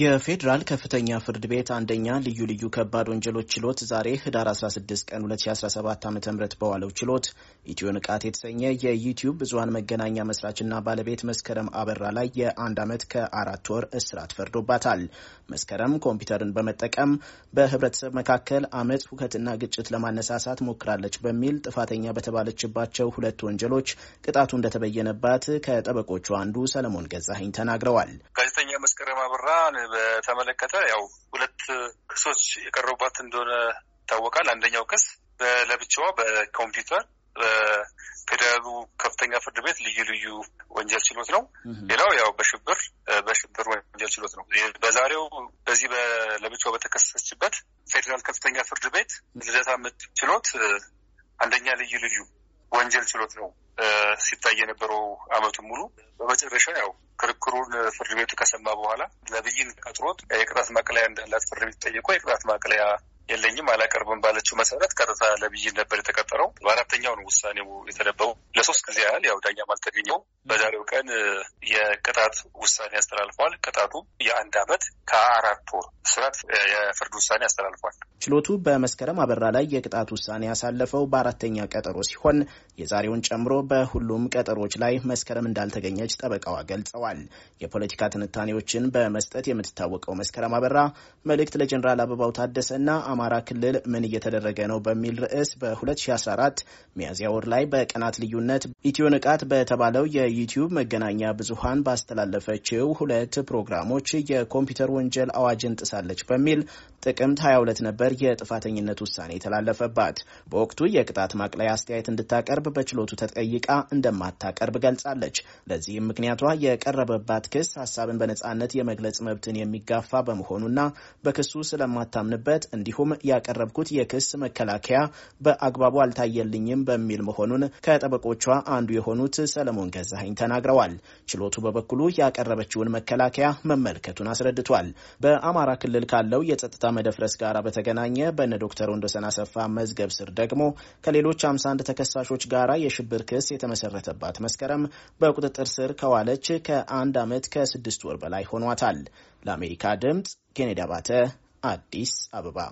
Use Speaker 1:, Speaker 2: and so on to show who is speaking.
Speaker 1: የፌዴራል ከፍተኛ ፍርድ ቤት አንደኛ ልዩ ልዩ ከባድ ወንጀሎች ችሎት ዛሬ ህዳር 16 ቀን 2017 ዓ ም በዋለው ችሎት ኢትዮ ንቃት የተሰኘ የዩቲዩብ ብዙሀን መገናኛ መስራችና ባለቤት መስከረም አበራ ላይ የአንድ ዓመት ከአራት ወር እስራት ፈርዶባታል። መስከረም ኮምፒውተርን በመጠቀም በህብረተሰብ መካከል አመፅ፣ ሁከትና ግጭት ለማነሳሳት ሞክራለች በሚል ጥፋተኛ በተባለችባቸው ሁለት ወንጀሎች ቅጣቱ እንደተበየነባት ከጠበቆቹ አንዱ ሰለሞን ገዛኸኝ ተናግረዋል። ግርማ ብራን በተመለከተ ያው
Speaker 2: ሁለት ክሶች የቀረቡባት እንደሆነ ይታወቃል። አንደኛው ክስ ለብቻዋ በኮምፒውተር በፌዴራሉ ከፍተኛ ፍርድ ቤት ልዩ ልዩ ወንጀል ችሎት ነው። ሌላው ያው በሽብር በሽብር ወንጀል ችሎት ነው። በዛሬው በዚህ ለብቻዋ በተከሰሰችበት ፌዴራል ከፍተኛ ፍርድ ቤት ልደታ ምድብ ችሎት አንደኛ ልዩ ልዩ ወንጀል ችሎት ነው ሲታይ የነበረው አመቱ ሙሉ በመጨረሻ ያው ክርክሩን ፍርድ ቤቱ ከሰማ በኋላ ለብይን ቀጥሮት የቅጣት ማቅለያ እንዳላት ፍርድ ቤት ጠየቆ የቅጣት ማቅለያ የለኝም አላቀርብም ባለችው መሰረት ቀጥታ ለብይን ነበር የተቀጠረው። በአራተኛው ነው ውሳኔው የተነበበው። ለሶስት ጊዜ ያህል ያው ዳኛም አልተገኘው። በዛሬው ቀን የቅጣት ውሳኔ አስተላልፏል። ቅጣቱ
Speaker 1: የአንድ ዓመት ከአራት ወር እስራት የፍርድ ውሳኔ አስተላልፏል። ችሎቱ በመስከረም አበራ ላይ የቅጣት ውሳኔ ያሳለፈው በአራተኛ ቀጠሮ ሲሆን የዛሬውን ጨምሮ በሁሉም ቀጠሮች ላይ መስከረም እንዳልተገኘች ጠበቃዋ ገልጸዋል። የፖለቲካ ትንታኔዎችን በመስጠት የምትታወቀው መስከረም አበራ መልእክት ለጀኔራል አበባው ታደሰና በአማራ ክልል ምን እየተደረገ ነው በሚል ርዕስ በ2014 ሚያዝያ ወር ላይ በቀናት ልዩነት ኢትዮ ንቃት በተባለው የዩቲዩብ መገናኛ ብዙሃን ባስተላለፈችው ሁለት ፕሮግራሞች የኮምፒውተር ወንጀል አዋጅን ጥሳለች በሚል ጥቅምት 22 ነበር የጥፋተኝነት ውሳኔ የተላለፈባት። በወቅቱ የቅጣት ማቅለያ አስተያየት እንድታቀርብ በችሎቱ ተጠይቃ እንደማታቀርብ ገልጻለች። ለዚህም ምክንያቷ የቀረበባት ክስ ሀሳብን በነጻነት የመግለጽ መብትን የሚጋፋ በመሆኑና በክሱ ስለማታምንበት እንዲሁም በመሆኑም ያቀረብኩት የክስ መከላከያ በአግባቡ አልታየልኝም በሚል መሆኑን ከጠበቆቿ አንዱ የሆኑት ሰለሞን ገዛኸኝ ተናግረዋል። ችሎቱ በበኩሉ ያቀረበችውን መከላከያ መመልከቱን አስረድቷል። በአማራ ክልል ካለው የጸጥታ መደፍረስ ጋር በተገናኘ በነ ዶክተር ወንዶሰን አሰፋ መዝገብ ስር ደግሞ ከሌሎች 51 ተከሳሾች ጋር የሽብር ክስ የተመሰረተባት መስከረም በቁጥጥር ስር ከዋለች ከአንድ ዓመት ከስድስት ወር በላይ ሆኗታል። ለአሜሪካ ድምፅ ኬኔዲ አባተ አዲስ አበባ